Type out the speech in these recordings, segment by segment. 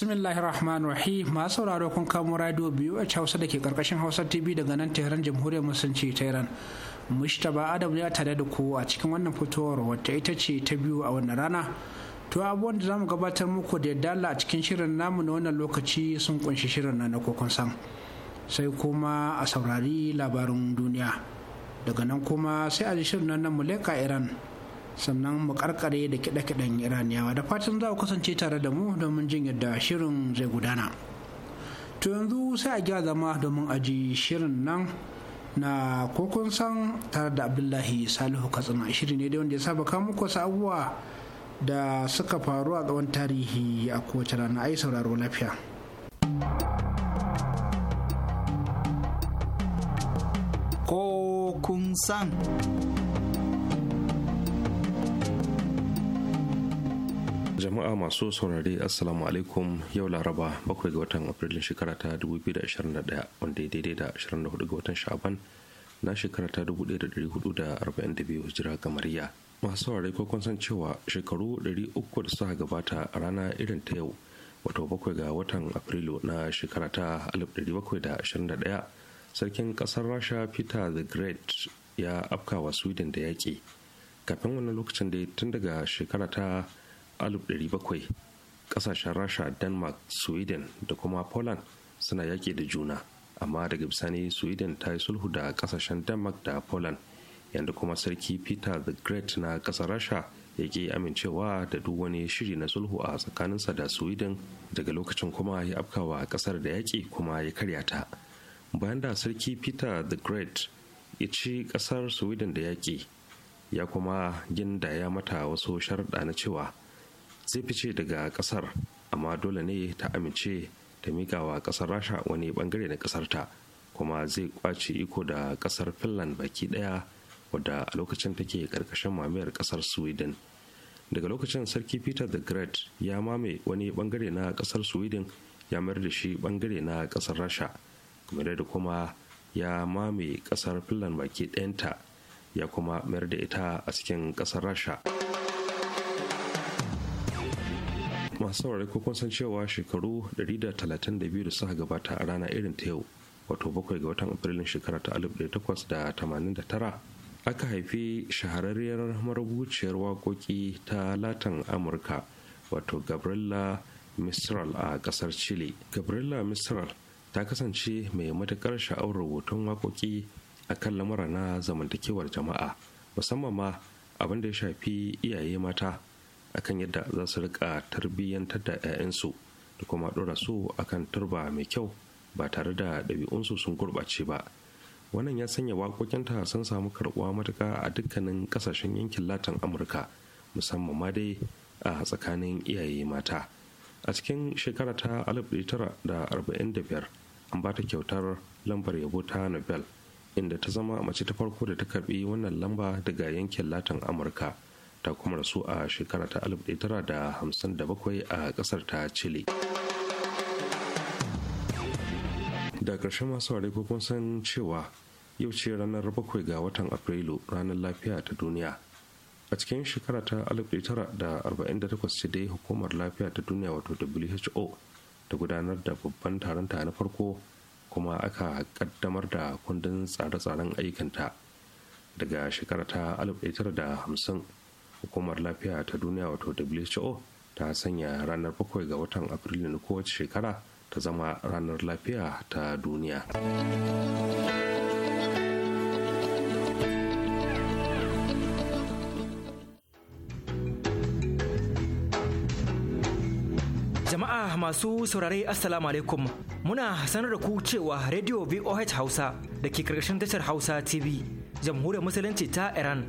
bismillahir rahmanir rahim masu sauraro kun kamo radio biyu a hausa da ke karkashin hausa tv daga nan tehran jamhuriyar musulunci ta iran mushtaba adam ya tare da ku a cikin wannan fitowar wata ita ce ta biyu a wannan rana to abubuwan da zamu gabatar muku da yadda a cikin shirin namu na wannan lokaci sun kunshi shirin na na kokon san sai kuma a saurari labarin duniya daga nan kuma sai a ji shirin nan na muleka iran sannan mu karkare da kiɗe-kiɗen iraniyawa da fatan za ku kasance tare da mu domin jin yadda shirin zai gudana to yanzu sai a gya zama domin aji shirin nan na kokon san tare da abdullahi salihu katsina shiri ne da wanda ya saba kawo muku wasu abubuwa da suka faru a tsawon tarihi a kowace rana ai sauraro lafiya kokun san jama'a masu saurare assalamu alaikum yau laraba bakwai ga watan afrilun shekara ta 2021 wanda ya daidai da 24 ga watan sha'aban na shekara ta 1442 hijira Gamariya, masu saurare ko kun san cewa shekaru 300 da suka gabata a rana irin ta yau wato bakwai ga watan afrilu na shekara ta 1721 sarkin kasar rasha peter the great ya afkawa sweden da yaƙi kafin wannan lokacin da tun daga shekara ta 1700 kasashen rasha denmark sweden da kuma poland suna yaƙi da juna amma daga bisani sweden ta yi sulhu da kasashen denmark da poland yadda kuma sarki peter the great na ƙasar rasha ya ke amincewa da duk wani shiri na sulhu a tsakaninsa da sweden daga lokacin kuma ya afkawa ƙasar da yaƙi kuma ya karya ta bayan da sarki peter the great ya ci ƙasar sweden da yaƙi ya kuma ya mata wasu sharaɗa na cewa zai fice daga kasar amma dole ne ta amince ta miƙawa kasar rasha wani bangare na kasar ta kuma zai kwace iko da kasar finland baki daya wadda a lokacin take karkashin mamayar kasar sweden daga lokacin sarki peter the great ya mame wani bangare na kasar sweden ya mayar da shi bangare na kasar rasha kuma da kuma ya mame kasar finland baki ɗayanta ya kuma mayar da ita a cikin kasar rasha. masu saurari ko kun san cewa shekaru 132 da suka gabata a rana irin ta yau wato bakwai ga watan afrilun shekara ta 1889 aka haifi shahararriyar marubuciyar waƙoƙi ta latin amurka wato gabriela mistral a ƙasar chile gabriela mistral ta kasance mai matuƙar sha'awar rubutun waƙoƙi a kan lamura na zamantakewar jama'a musamman ma abin da ya shafi iyaye mata akan yadda za su rika tarbiyyantar da 'ya'yansu da kuma ɗora su akan turba mai kyau ba tare da ɗabi'unsu sun gurɓace ba wannan ya sanya waƙoƙinta sun samu karɓuwa matuƙa a dukkanin ƙasashen yankin latin amurka musamman ma dai a tsakanin iyaye mata a cikin shekara ta 1945 an ba ta kyautar lambar yabo ta nobel inda ta zama mace ta farko da ta karɓi wannan lamba daga yankin latin amurka ta kuma rasu a shekara ta 1957 a kasar ta chile da ƙarshen masu ware kun san cewa yau ce ranar bakwai ga watan afrilu ranar lafiya ta duniya a cikin shekara ta 1948 ce dai hukumar lafiya ta duniya wato who ta gudanar da babban taron ta na farko kuma aka kaddamar da kundin tsare-tsaren aikinta daga shekara ta 1950 hukumar lafiya ta duniya wato who ta sanya ranar bakwai ga watan afrilu na kowace shekara ta zama ranar lafiya ta duniya jama'a masu saurare assalamu alaikum muna sanar da ku cewa radio voh hausa da ke karkashin tashar hausa tv jamhuriyar musulunci ta iran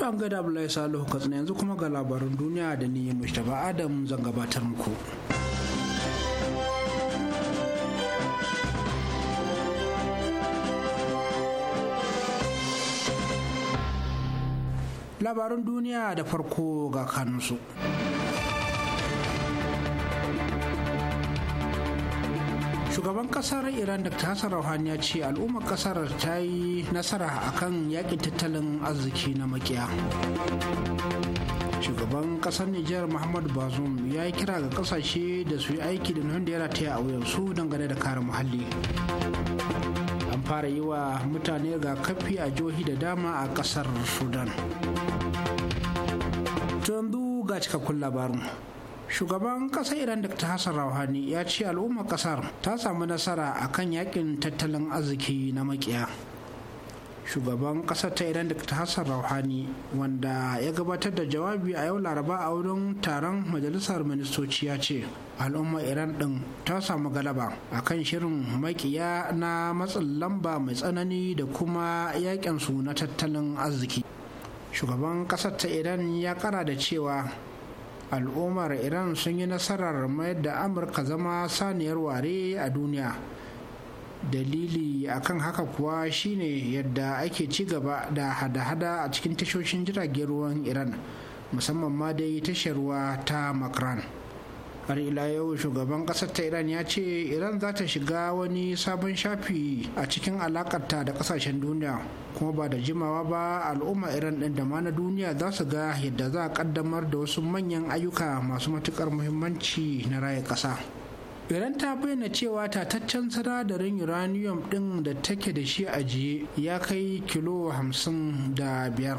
To an gaida Abdullahi Salihu Katsina yanzu kuma ga labarin duniya da ni Mustapha Adam zan gabatar muku. Labarin duniya da farko ga kanunsu. shugaban kasar iran da hassan rauhani ya ce al'ummar kasar ta yi nasara akan yakin tattalin arziki na makiya shugaban kasar nijar muhammad bazoum ya yi kira ga kasashe da su yi aiki da nuna da ta yi a wuyansu dangane da kare muhalli an fara yi wa mutane kafi a jihohi da dama a kasar sudan yanzu ga cikakkun labarin shugaban kasar iran dr hassan rauhani ya ce al'ummar kasar ta samu nasara a kan yakin tattalin arziki na makiya shugaban kasar ta iran dr hassan rauhani wanda ya gabatar da jawabi a yau laraba a wurin taron majalisar ministoci ya ce al'ummar iran din ta samu galaba a kan shirin makiya na matsin lamba mai tsanani da kuma yakin su na tattalin arziki shugaban kasar ta iran ya kara da cewa al'ummar iran sun yi nasarar mayar da amurka zama saniyar ware a duniya dalili akan haka kuwa shine yadda ake ci gaba da hada-hada a cikin tashoshin jiragen ruwan iran musamman ma dai tashar ruwa ta makran har ila yau shugaban kasar ta iran ya ce iran za ta shiga wani sabon shafi a cikin alakarta da kasashen duniya kuma ba da jimawa ba al'umma iran ɗin da ma na duniya za su ga yadda za a ƙaddamar da wasu manyan ayyuka masu matuƙar muhimmanci na raya ƙasa iran ta bayyana cewa tataccen sinadarin uranium ɗin da take da shi ajiye ya kai kilo hamsin da biyar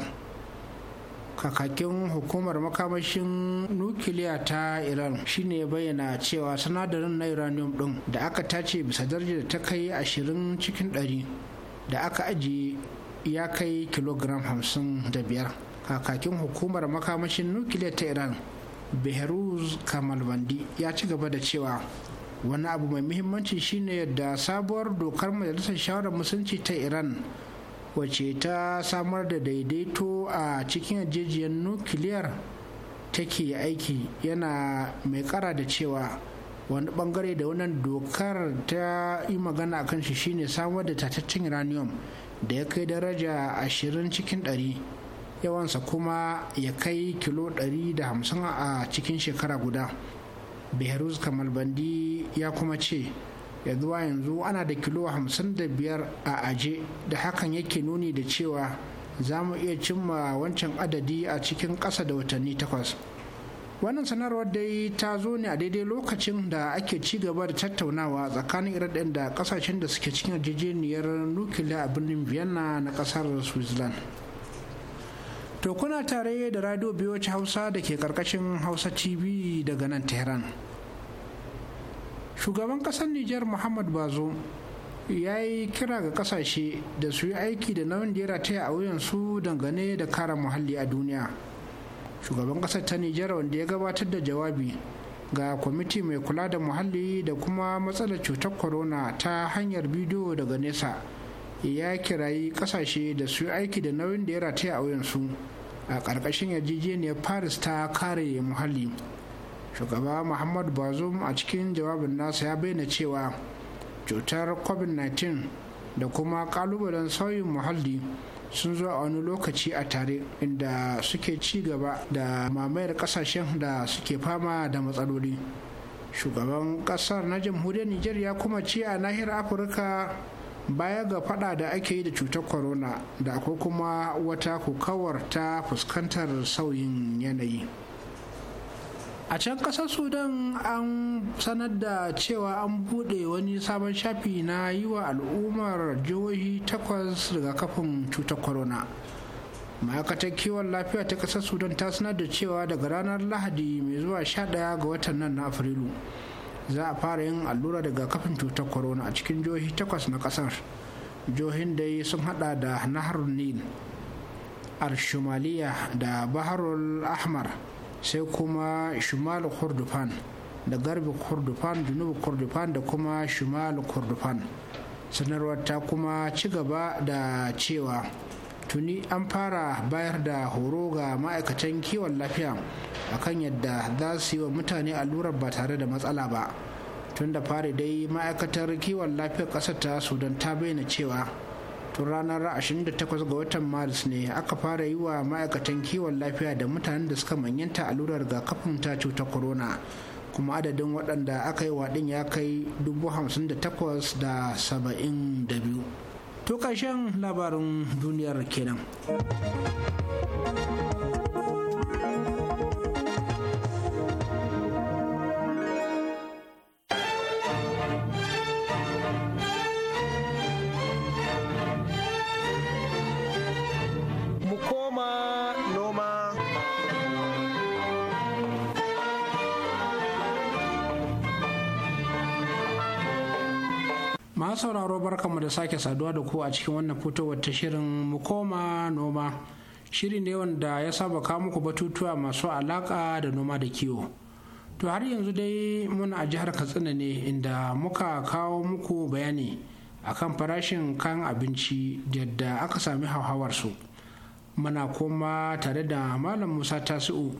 kakakin hukumar makamashin nukiliya ta iran shine ya bayyana cewa sinadarin na uranium ɗin da aka tace bisa darajar da ta kai ashirin cikin ɗari da aka ajiye ya kai kilogram hamsin da biyar kakakin hukumar makamashin nukiliya ta iran behruz kamalbandi ya ci gaba da cewa wani abu mai muhimmanci shine yadda sabuwar dokar majalisar shawarar musulunci ta iran wacce ta samar da daidaito a cikin yarjejiyar nukiliyar take aiki yana mai kara da cewa wani bangare da wannan dokar ta yi magana a shi shine samar da tataccen uranium da ya kai daraja 20 cikin 100 yawansa kuma ya kai kilo 150 a cikin shekara guda behruz kamal bandi ya kuma ce ya zuwa yanzu ana da kilo 55 a aje da hakan yake nuni da cewa za mu iya cimma wancan adadi a cikin ƙasa da watanni takwas wannan sanarwar dai ta zo ne a daidai lokacin da ake ci gaba da tattaunawa tsakanin iran da kasashen da suke cikin yarjejeniyar nukiliya a birnin vienna na kasar switzerland to kuna tare da radio biyoci hausa da ke karkashin hausa tv daga nan tehran shugaban kasar Nijar, muhammad bazo ya yi kira ga kasashe da su yi aiki da nauyin da ya rataya a su dangane da kare muhalli a duniya shugaban ƙasar ta nijar wanda ya gabatar da jawabi ga kwamiti mai kula da muhalli da kuma matsalar cutar corona ta hanyar bidiyo daga nesa ya kirayi kasashe da su aiki da nauyin da ya rataya a wuyansu a ƙarƙashin yarjejeniyar paris ta kare muhalli shugaba muhammad bazoum a cikin jawabin nasa ya bayyana cewa cutar covid-19 da kuma ƙalubalen sauyin muhalli sun zo a wani lokaci a tare inda suke ci gaba da mamayar kasashen da suke fama da matsaloli shugaban kasar na jamhuriyar niger ya kuma ce a nahiyar afirka baya ga fada da ake yi da cutar corona da akwai kuma wata kokawar ta fuskantar sauyin yanayi a can kasar sudan an sanar da cewa an bude wani sabon shafi na yi wa al'ummar jihohi takwas daga kafin cutar corona ma'aikatar kiwon lafiya ta kasar sudan ta sanar da cewa daga ranar lahadi mai zuwa sha 11 ga watan nan na afrilu za a fara yin allura daga kafin cutar corona a cikin jihohi takwas na kasar jihohin dai sun hada da nahar nil al-shumaliya da baharul ahmar sai kuma shimal kurdufan da garbi kurdufan junubu kurdufan da kuma shimal kurdufan sanarwar ta kuma ci gaba da cewa tuni an fara bayar da horo ga ma'aikatan kiwon lafiya akan yadda za su yi wa mutane allurar ba tare da matsala ba tun da fari dai ma'aikatar kiwon lafiyar ƙasar ta sudan ta bayyana cewa tun ranar 28 ga watan maris ne aka fara yi wa ma'aikatan kiwon lafiya da mutanen da suka manyanta allurar kafin ta cutar corona kuma adadin waɗanda aka yi waɗin ya kai 58,072 to ƙarshen labarin duniyar kenan masu sauraro barkanmu da sake saduwa da ku a cikin wannan fitowar ta shirin mu koma noma shiri ne wanda ya saba kawo muku batutuwa masu alaka da noma da kiwo to har yanzu dai muna a jihar katsina ne inda muka kawo muku bayani akan farashin kan abinci yadda aka sami hauhawar su muna kuma tare da malam musa tasi'u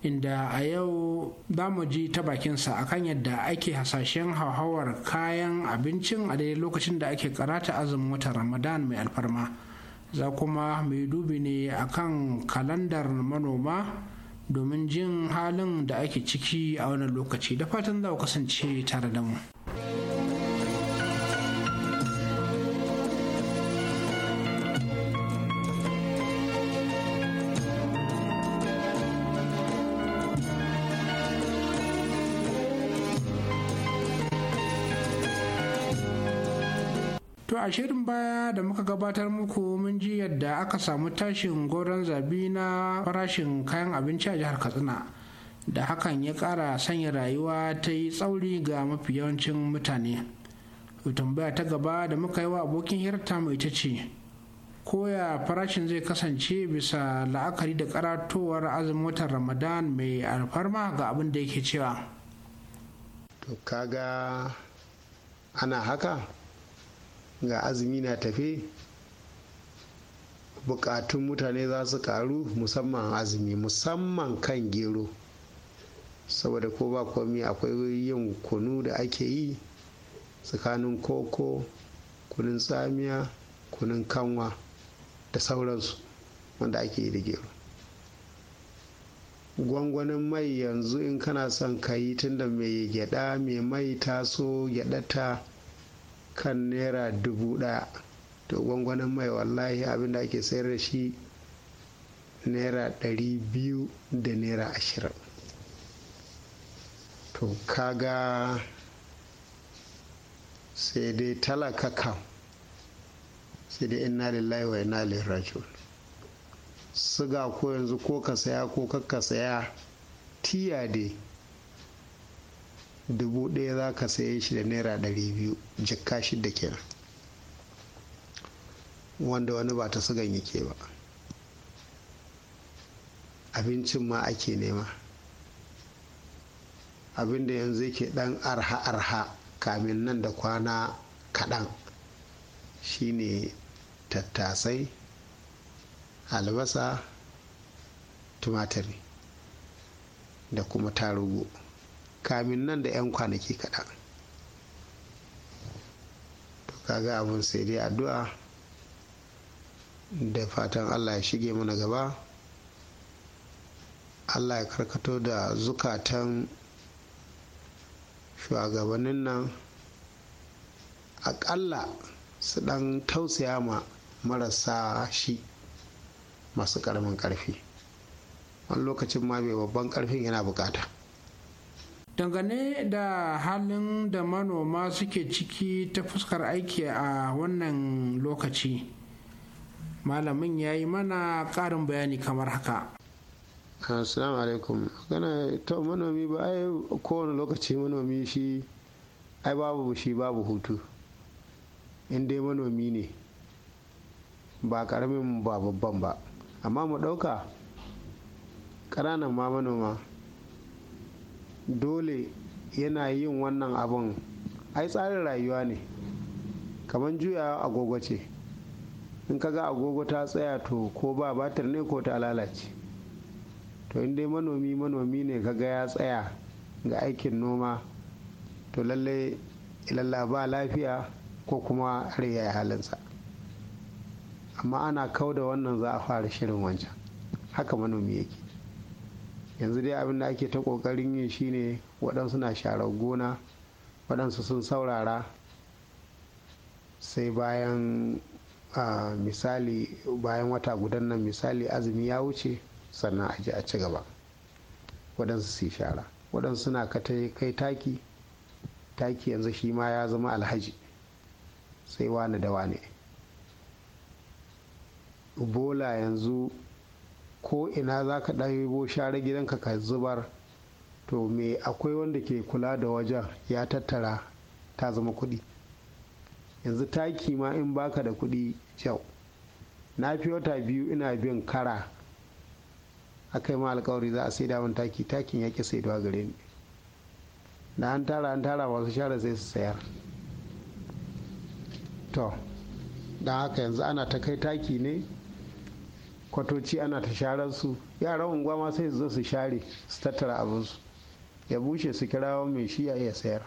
inda a yau za mu ji ta bakinsa akan yadda ake hasashen hauhawar kayan abincin a daidai lokacin da ake karata azumin watan ramadan mai alfarma za kuma mai dubi ne akan kalandar manoma domin jin halin da ake ciki a wani lokaci da fatan za ku kasance tare da mu. To a shirin baya da muka gabatar muku mun ji yadda aka samu tashin goron zabi na farashin kayan abinci a jihar Katsina. Da hakan ya ƙara sanya rayuwa ta yi tsauri ga mafi yawancin mutane. tambaya ta gaba da muka yi wa abokin hirta mai ta ce, koya farashin zai kasance bisa la'akari da karatowar azumin watan Ramadan mai alfarma ga abin da yake cewa. To kaga ana haka? ga azumi na tafe bukatun mutane za su karu musamman azumi musamman kan gero saboda ko ba komi akwai yin kunu da ake yi tsakanin koko kunun tsamiya kunun kanwa da sauransu wanda ake yi da gero gwangwanin mai yanzu in kana son ka yi tunda mai gyada mai mai taso gyadata kan naira dubu ɗaya to gwangwanin mai wallahi abin da ake sayar da shi naira ɗari biyu da naira ashirin to kaga sai dai talaka kam sai dai inna lillahi wa inna ilaihi suga ko yanzu ko ka saya ko kakka saya tiya dai dubu ɗaya za ka saye shi da naira ɗari biyu jikka shida kenan wanda wani ba ta sugan yake ba abincin ma ake nema abin da yanzu yake ɗan arha-arha kamin nan da kwana kaɗan shine tattasai albasa tumatiri da kuma tarugu kamin nan da 'yan kwanaki kaɗan to kaga abin sai dai addu'a da fatan allah ya shige mana gaba allah ya karkato da zukatan shugabannin nan aƙalla su ɗan tausaya ma marasa shi masu ƙaramin ƙarfi wani lokacin ma mai babban ƙarfin yana buƙata. dangane da halin da manoma suke ciki ta fuskar aiki a wannan lokaci malamin ya yi mana ƙarin bayani kamar haka assalamu alaikum kana to manomi ba ai kowane lokaci manomi shi ai babu shi babu hutu in dai manomi ne ba karamin ba babban ba amma mu ɗauka ƙananan ma manoma dole yana yin wannan abin ai tsarin rayuwa ne kamar juyawa agogo ce in ka ga agogo ta tsaya to ko ba batir ne ko ta lalace to in dai manomi manomi ne ka ga ya tsaya ga aikin noma to lalle ilalla ba lafiya ko kuma rage halinsa amma ana kau da wannan za a fara shirin wancan haka manomi yake yanzu dai abin da ake ta ƙoƙarin yi shine waɗansu na sharar gona waɗansu sun saurara sai bayan misali bayan wata gudan nan misali azumi ya wuce sannan a ji a ci gaba waɗansu su shara waɗansu suna kai taki taki yanzu shi ma ya zama alhaji sai wane da wane bola yanzu ko ina za ka ɗaibo share gidanka ka zubar to me akwai wanda ke kula da wajen ya tattara ta zama kuɗi yanzu taki ma in baka da kuɗi kyau na fi wata biyu ina bin kara a ma alkawari za a sai min taki takin ya ƙi sai gare ni da an tara an tara wasu share sai su sayar to don haka yanzu ana ta kai taki ne kwatoci ana ta sharar su yaran unguwa ma sai su zo su share su tattara abin su. ya bushe su kirawo mai shi ya iya sayar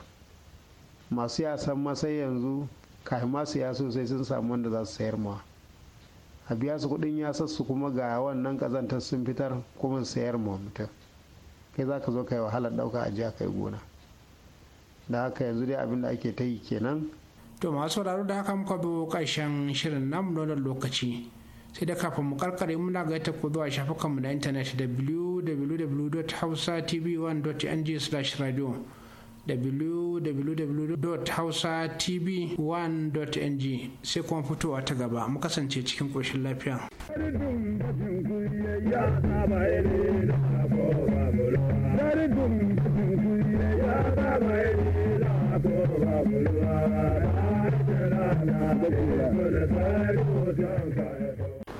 masu yasa masai yanzu kai masu yaso sai sun samu wanda za su sayar ma a biya su kudin ya sassu kuma ga wannan kazantar sun fitar kuma sayar ma mutum kai za ka zo ka yi wahalar ɗauka a jiya kai gona da haka yanzu dai abin da ake ta yi kenan to masu sauraro da haka muka bi ƙarshen shirin namu na lokaci sai da kafin mu karkare muna ga ita ku zuwa shafukanmu na intanet www.hausatv1.ng/radio www.hausatv1.ng sai kuma fitowa ta gaba mu kasance cikin ƙoshin lafiya. Thank you.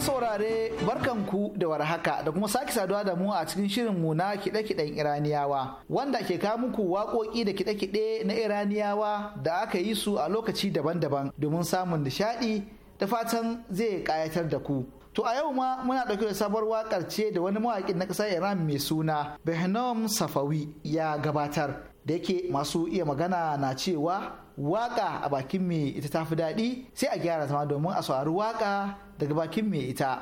saurare barkanku da warhaka da kuma sake saduwa da mu a cikin shirin mu na kiɗe-kiɗen Iraniyawa wanda ke kawo muku waƙoƙi da kiɗe-kiɗe na Iraniyawa da aka yi su a lokaci daban-daban domin samun nishaɗi da fatan zai ƙayatar da ku. To a yau ma muna ɗauke da sabuwar waƙar ce da wani mawaƙin na ƙasar Iran mai suna Behnam Safawi ya gabatar da yake masu iya magana na cewa waka a bakin mai ita ta fi daɗi sai a gyara zama domin a saurari waka daga bakin mai ita.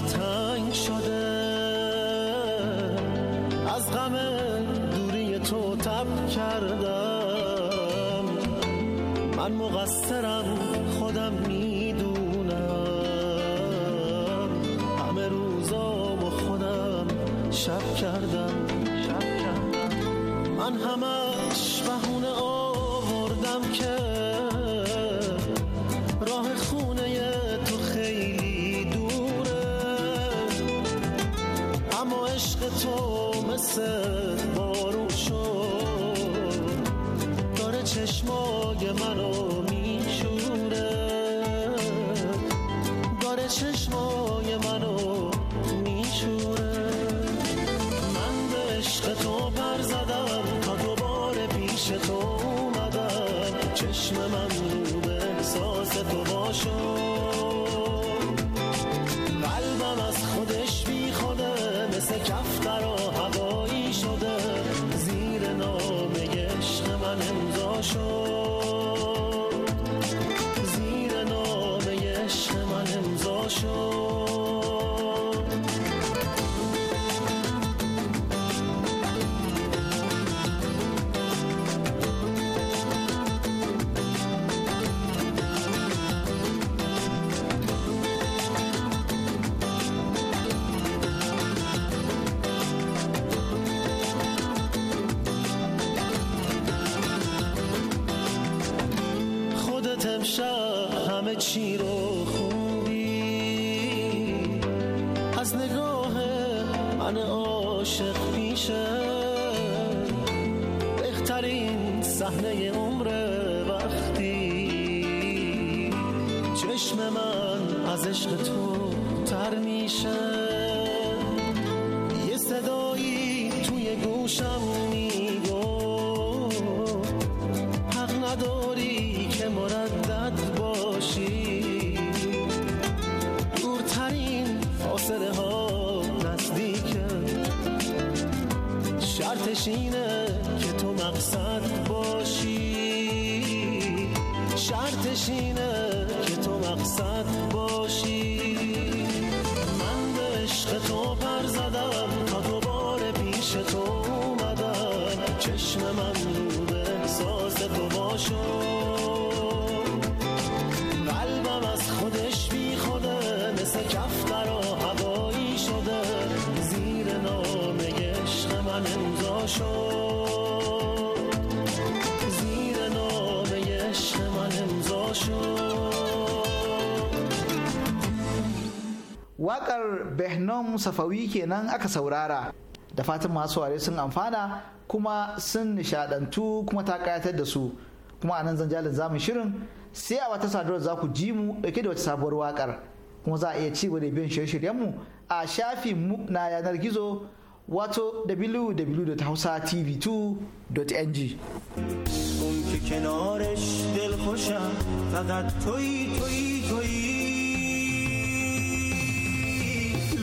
دلش تنگ شده از غم دوری تو تب کردم من مقصرم چشم من رو به احساس تو باشم میشه بهترین صحنه عمر وقتی چشم من از عشق تو تر میشه یه صدایی توی گوشم machine روزا شد waƙar behnam safawi kenan aka saurara da fatan masu ware sun amfana kuma sun nishadantu kuma ta kayatar da su kuma anan zanjalin zamu shirin sai a wata sadarwar za ku ji mu ɗauke da wata sabuwar waƙar kuma za a iya ci da biyan shirye-shiryenmu a shafin mu na yanar gizo wato www.hausatv2.ng اون که کنارش دل خوشم فقط توی توی توی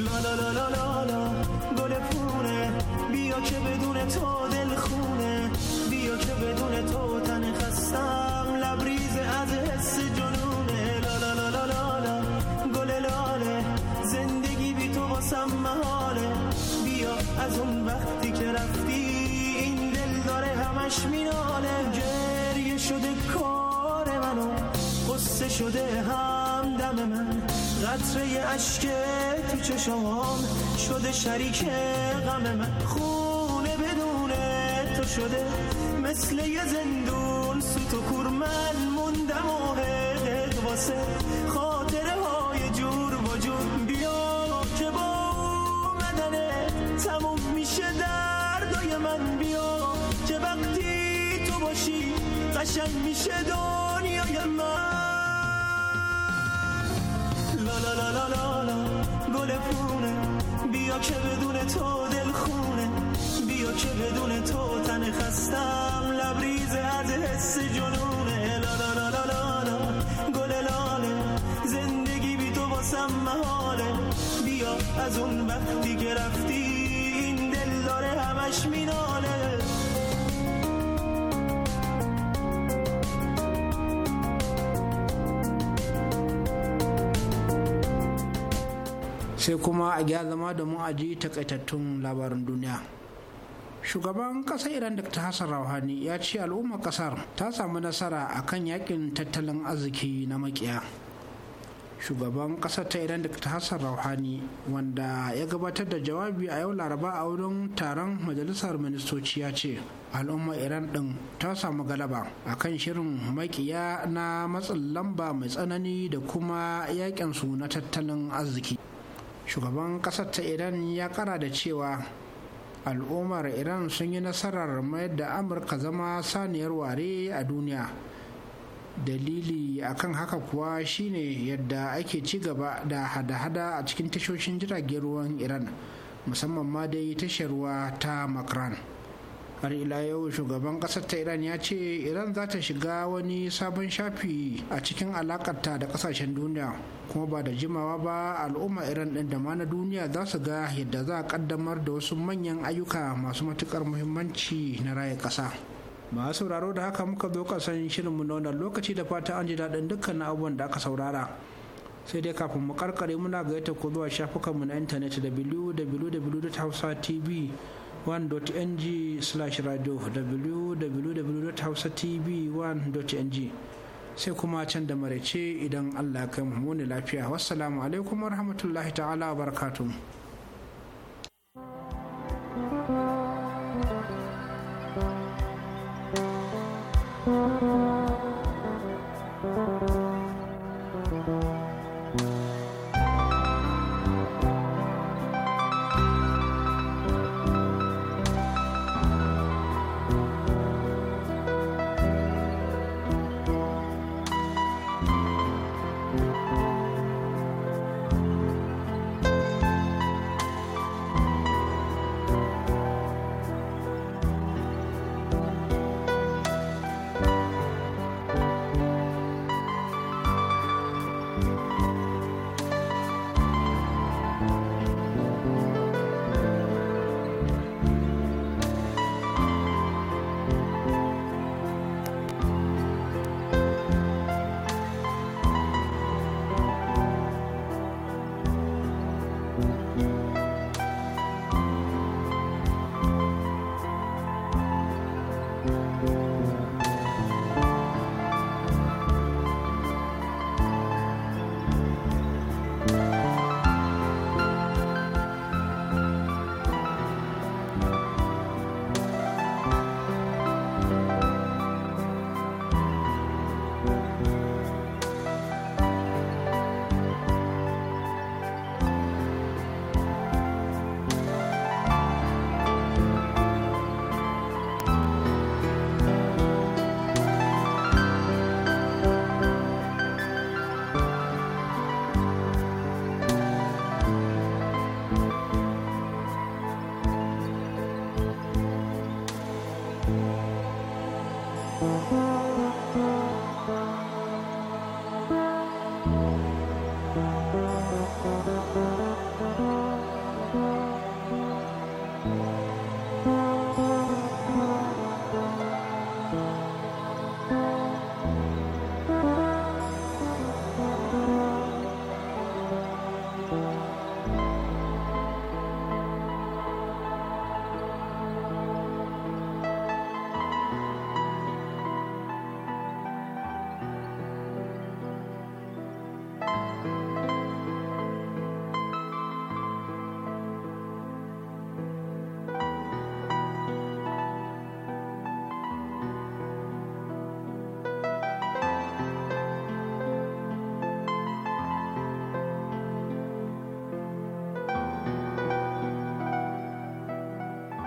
لا لا لا لا لا, لا گل پونه بیا که بدون تو دل خونه بیا که بدون تو تن خستم لبریز از حس جنونه لا لا لا لا لا, گل لاله زندگی بی تو واسم از اون وقتی که رفتی این دل داره همش میناله گریه شده کار منو قصه شده هم دم من قطره اشک تو چشمان شده شریک غم من خونه بدون تو شده مثل یه زندون سوت و کور من موندم و واسه قشنگ میشه دنیای من لا لا لا لا لا, گل پونه بیا که بدون تو دل خونه بیا که بدون تو تن خستم لبریز از حس جنونه لا لا لا لا لا, لا گل لاله زندگی بی تو واسم محاله بیا از اون وقتی که رفتی این دل داره همش میناله sai kuma a gya zama da mu aji takaitattun labarin duniya shugaban kasar iran da ta hassan rauhani ya ce al'ummar kasar ta samu nasara a kan yakin tattalin arziki na makiya shugaban kasar ta iran da ta hassan rauhani wanda ya gabatar da jawabi a yau laraba a wurin taron majalisar ministoci ya ce al'ummar iran din ta samu galaba a kan shirin makiya na matsin lamba mai tsanani da kuma yakin su na tattalin arziki shugaban ƙasar ta iran ya kara da cewa al'ummar iran sun yi nasarar mayar da amurka zama saniyar ware a duniya dalili akan haka kuwa shine yadda ake ci gaba da hada-hada a cikin tashoshin jiragen ruwan iran musamman ma dai tashar ruwa ta makran har ila yau shugaban kasar ta iran ya ce iran za ta shiga wani sabon shafi a cikin alakarta da kasashen duniya kuma ba da jimawa ba al'umma iran din da ma na duniya za su ga yadda za a kaddamar da wasu manyan ayyuka masu matukar muhimmanci na raya kasa masu sauraro da haka muka zo kasan shirinmu na wannan lokaci da fata an ji daɗin dukkan abubuwan da aka saurara sai dai kafin mu karkare muna gayyata ko zuwa shafukanmu na intanet da tv. 1.ng slash radio www.hausatv1.ng sai kuma can da marece idan allah kai mu lafiya wassalamu alaikum wa rahmatullahi ta'ala barakatuhu